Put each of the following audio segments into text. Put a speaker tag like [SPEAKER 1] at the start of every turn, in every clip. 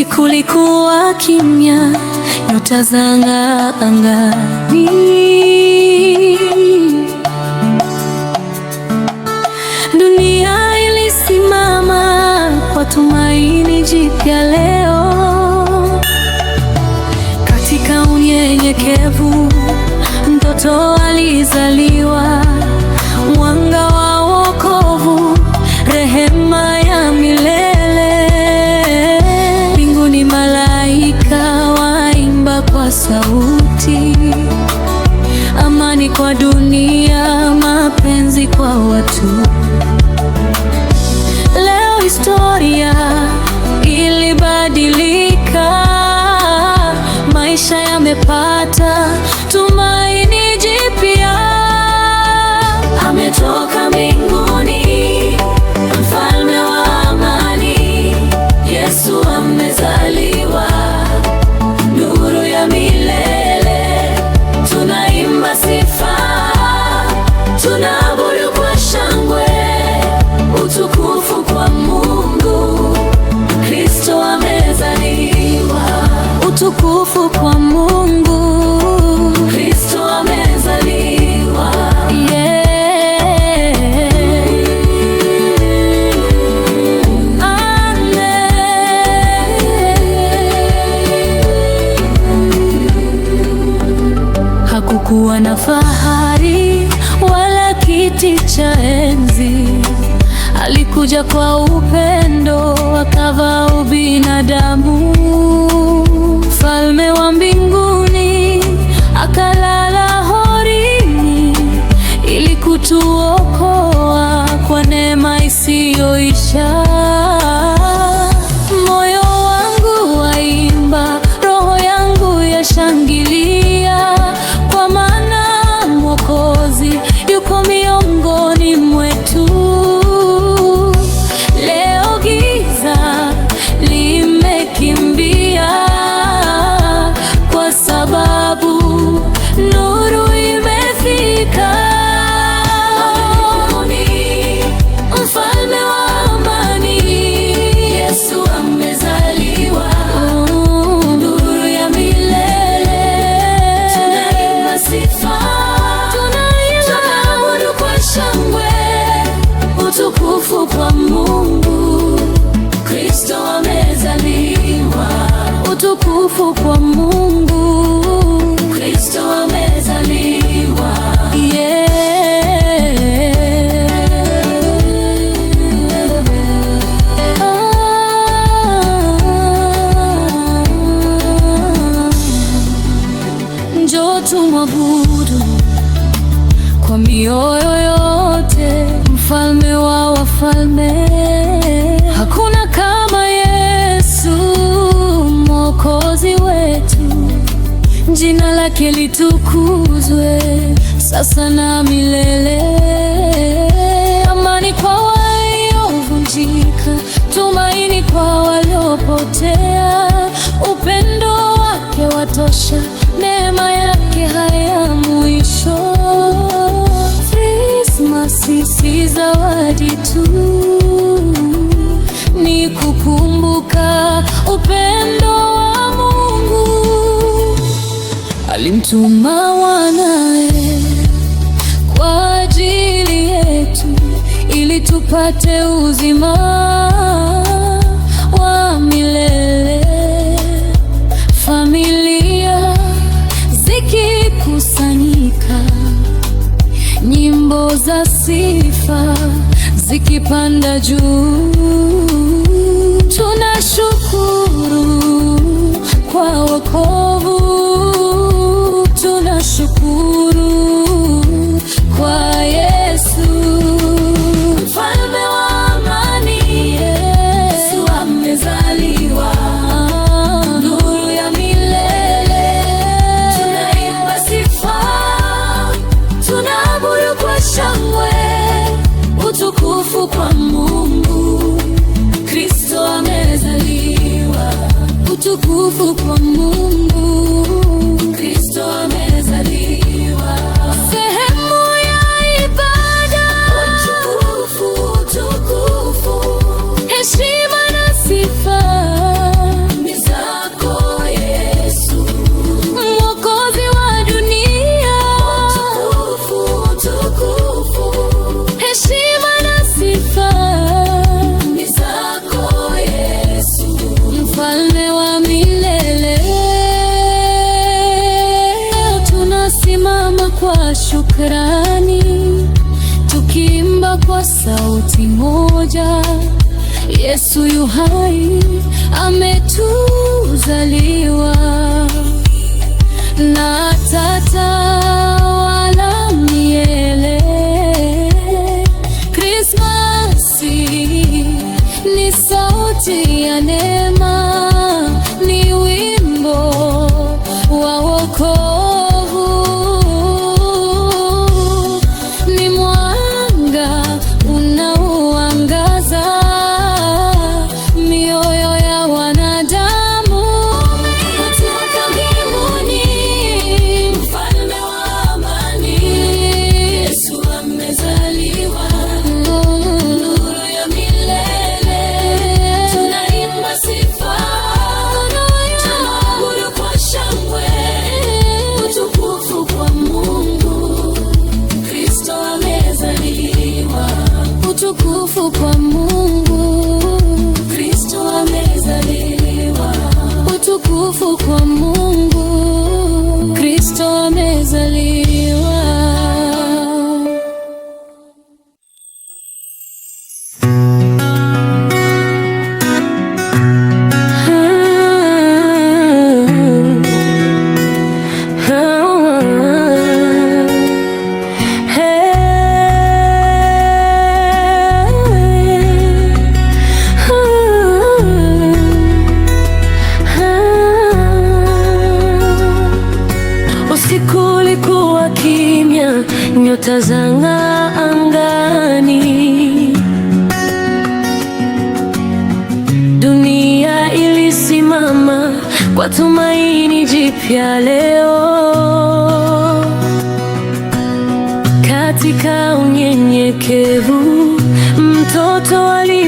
[SPEAKER 1] Usiku kulikuwa kimya, nyota zang'aa angani. Dunia ilisimama kwa tumaini jipya leo. Katika unyenyekevu, mtoto alizali hofu kwa Mungu.
[SPEAKER 2] Kristo amezaliwa.
[SPEAKER 1] Yeah. Ah, njoo tumwabudu kwa mioyo yote, mfalme wa wafalme jina lake litukuzwe sasa na milele. Amani kwa waliovunjika, tumaini kwa waliopotea, upendo wake watosha, neema yake haya mwisho. Krismasi si zawadi alituma wanae kwa ajili yetu ili tupate uzima wa milele. Familia zikikusanyika, nyimbo za sifa zikipanda juu, tunashukuru kwa wokovu full of sauti moja, Yesu yu hai, ametuzaliwa na Tata kwa tumaini jipya leo. Katika unyenyekevu mtoto ali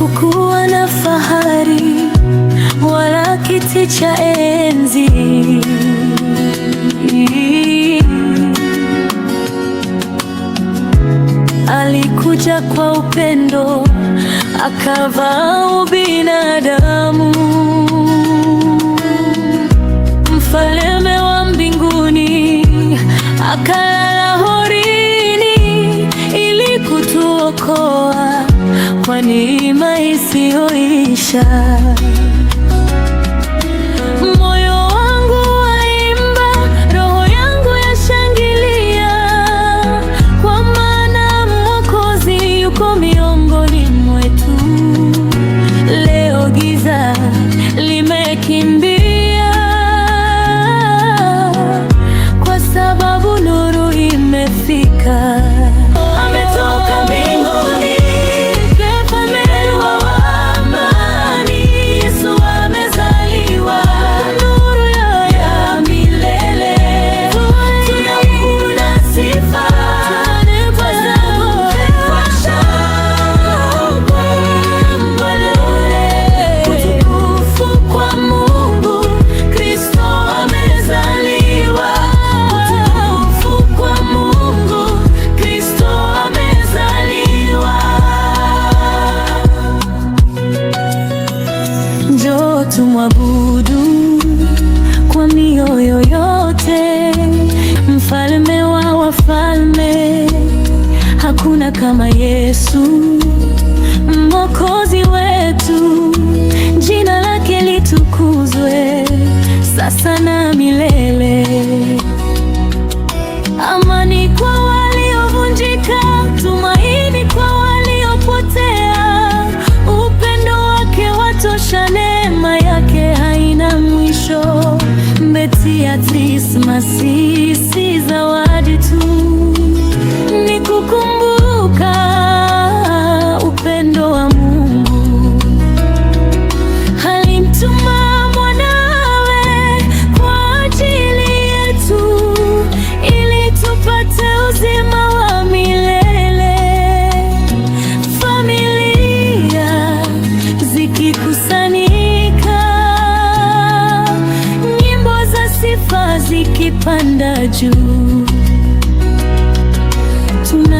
[SPEAKER 1] Hakukuwa na fahari wala kiti cha enzi, alikuja kwa upendo, akavaa ubinadamu. Mfalme wa mbinguni akalala shine.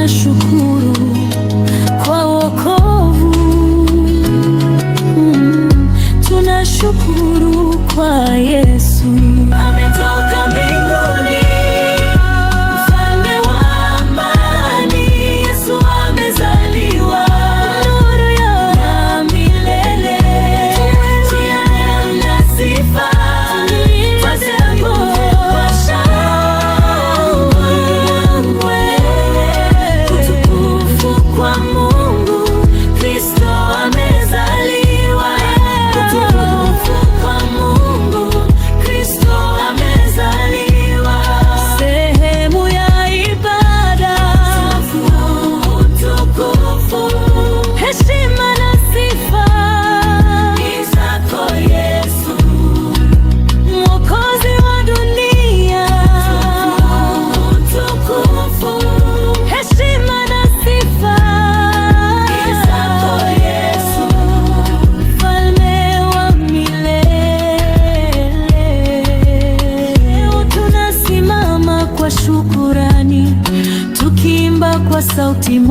[SPEAKER 1] acho ti